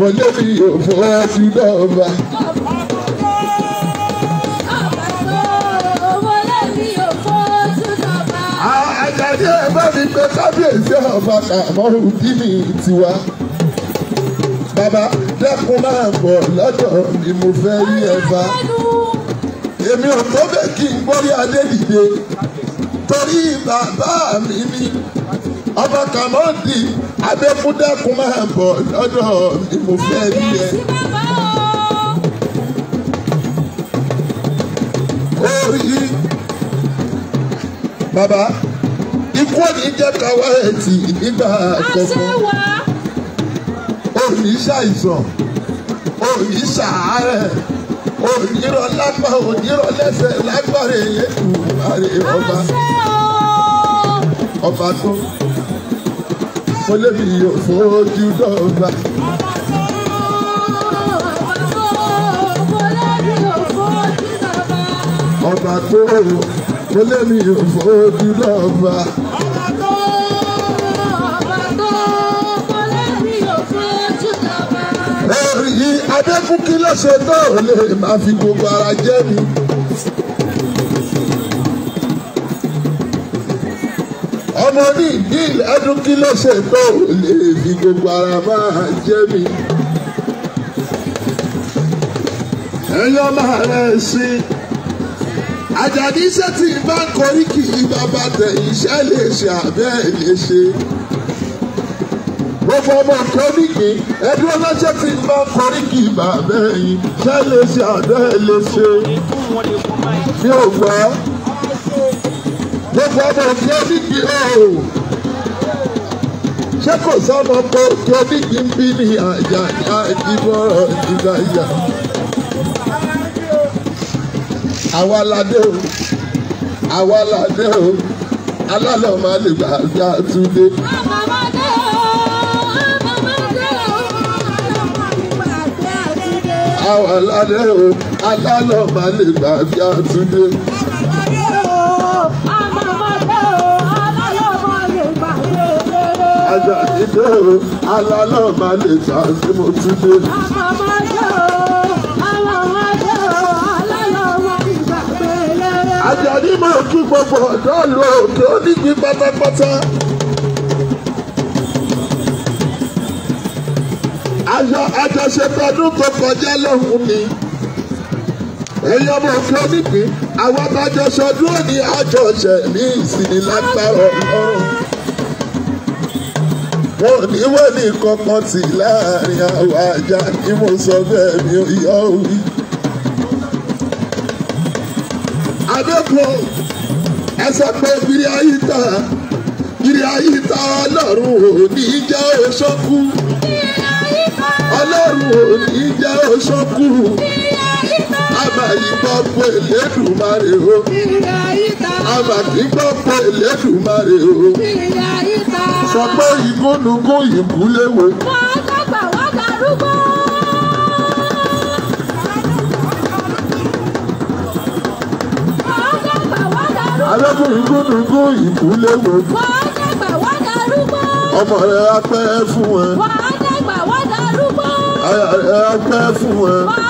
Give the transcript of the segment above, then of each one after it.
mo lé mi ò fọ́jú dọ́ba. àjàdí ẹ bá mi pé kábíyèsí ọba kàmọ́rù kí ni tiwa. bàbá dẹ́kun máa bọ̀ lọ́dọ̀ ni mo fẹ́ rí ẹ bá. èmi ò tó bẹ́ẹ̀ kí n gbórí adé dìde torí bàbá mi ni ọba kàmọ́ dì í adékúndàkùn máa bọ̀ lọ́dọ̀ mi mo fẹ́ rí ẹ. orí bàbá ikú òní jẹ́ káwá ẹ̀tì nígbà kọ̀ọ̀kan òní ṣàìsàn òní ṣàárẹ̀ òní rọ lápá òní rọ lẹ́sẹ̀ lágbára èyí kù àrè ọba ọba tó mo lébi yóò fojú dọ́gba. ọba tó mo lébi yóò fojú dọ́gba. Adékúnkí ló ṣe tó lè máa fi gbogbo ara jẹ́ mi. ọmọ ní ìdíl ẹdún kí ló ṣe tó lè fi gbogbo ara máa jẹ́ mi. ẹ̀yọ́ máa rẹ̀ sí i. àjàdí iṣẹ́ tí bá ń korí kì í bàbá tẹ̀ iṣẹ́ lè ṣe àbẹ́ lè ṣe. gbogbo ọmọ kan nìkì ẹdún ọlọ́jọ́ tí bá ń korí kì í bàbá yìí iṣẹ́ lè ṣe àbẹ́ lè ṣe. mi ò gbọ́ gbogbo ọmọ òkè onígi o ṣé kò sọmọ ọmọ òkè onígi ń bí ní àjà ìdìbò ìdìbò àjà àwa ládé o àwa ládé o alálẹ̀ ọmọ àlè gbàgbà túndé. àwa ládé o alálẹ̀ ọmọ àlè gbàgbà túndé. Ajá ti dé o, alálọ́ máa lè ta sí mo ti dé. Àmàmà dé o, àmàmà dé o, alálọ́ máa lè gbà pélé. Ajá ni mo kí gbogbo ọ̀dọ́ lu òkè oníjì pátápátá. Ajá àjọṣepọ̀ ọdún tó kọjá lọ́hùn-ún ni ẹ̀yin ọmọ òfin onípín àwọn abájọ ṣọdún òní àjọṣe ní ìsinmi lágbára ọlọ́run wọn ò ní wọ́n ní kankan tì láàrin àwọn àjà ni mo sọ bẹ́ẹ̀ mi ò yọ òwì. adékun ẹ sọ pé bírí ayé tán bírí ayé tán ọlọ́run ò ní jẹ́ òṣókú ọlọ́run ò ní jẹ́ òṣókú àmàyígbọ́pọ̀ Elédùmarè o àmàyígbọ́pọ̀ Elédùmarè o sọ pé igúnnugún ìbúléwé. arákùnrin gúnnugún ìbúléwé. wàá dàgbà wá darúgbó. ọmọ rẹ̀ á pẹ́ fún ẹ. wàá dàgbà wá darúgbó. aya rẹ̀ á pẹ́ fún ẹ. wàá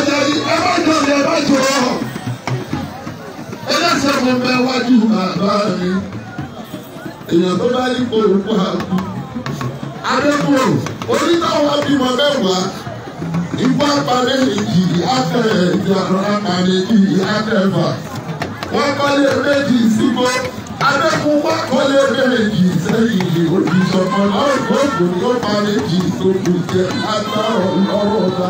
ọjà ni ẹ má jọ ni ẹ má jọ ọ. ẹlẹ́sẹ̀ mo bẹ wájú bàbá mi èèyàn tó bá yí kó òkú àbú. adébúrò onítàwọn bímọ mẹ́wàá ìgbà balẹ̀ èjì àtẹ̀ ìjàrá àlejò àtẹ̀fà wọ́n balẹ̀ méjì síbò adékun wá kọ́lé méjì sẹ́yìn òbí sọ̀kan lọ́rùn tó kù tó balẹ̀ jì tó kù jẹ́ látàrọ̀ lọ́wọ́ bá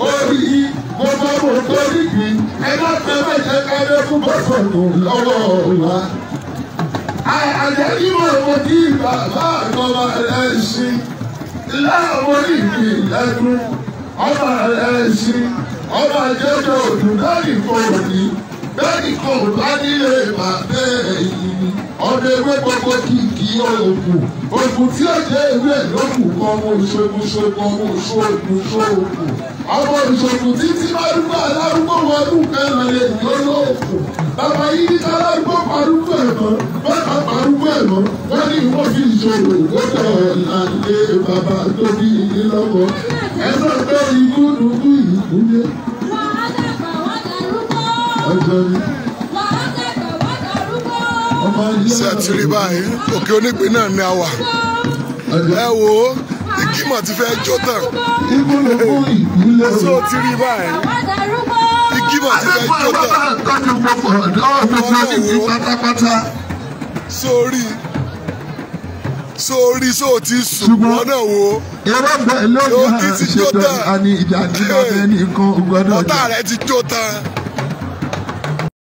orí mo mọ mo torí kì í ẹ má fẹ́ bẹ́ẹ̀ ká lé fún bọ́sọ̀nù lọ́wọ́ wa. Àjẹ́bí mo mo kí bàbá àtọ́mọ rẹ̀ ṣí láàmú ìdí lẹ́nu ọmọ rẹ̀ ṣí ọmọ àjẹjọ òdùn lórí kòòdì lórí kòòdì nílé bàbá ẹ̀yìn ọdún ewé gbogbo kìkì òògùn òògùn tí ó jẹ́ ewé lókùn kan mo ṣe mo ṣe kan mo ṣe òògùn ṣe òògùn àwọn olùṣègùn tí tí bá dúpọ̀ alárúgbó wọn ọdún kan lọ́lẹ̀ lọ́lọ́ òkú bàbá yìí ní alárúgbó parúgbó ẹ̀mọ́ bàbá parúgbó ẹ̀mọ́ wọ́n ní ìwọ́n fi ìṣòro gbọ́dọ̀ ìlànà bàbá tó bí ilé lọ́kọ̀ ẹ̀sọ́ pé ikú dùnkú yìí kúlé. ọjọ́ ni ṣe àtìrí báyìí òkè onígbín náà ni a wà ẹ wò ó. Jimoh ti fẹ́ jó tán ẹ̀sọ́ ti rí báyìí Jimoh ti fẹ́ jó tán ọlọ́wọ́ sórí sórí ti sùn náà wo yóò ti jó tán ọ̀tá rẹ̀ ti jó tán.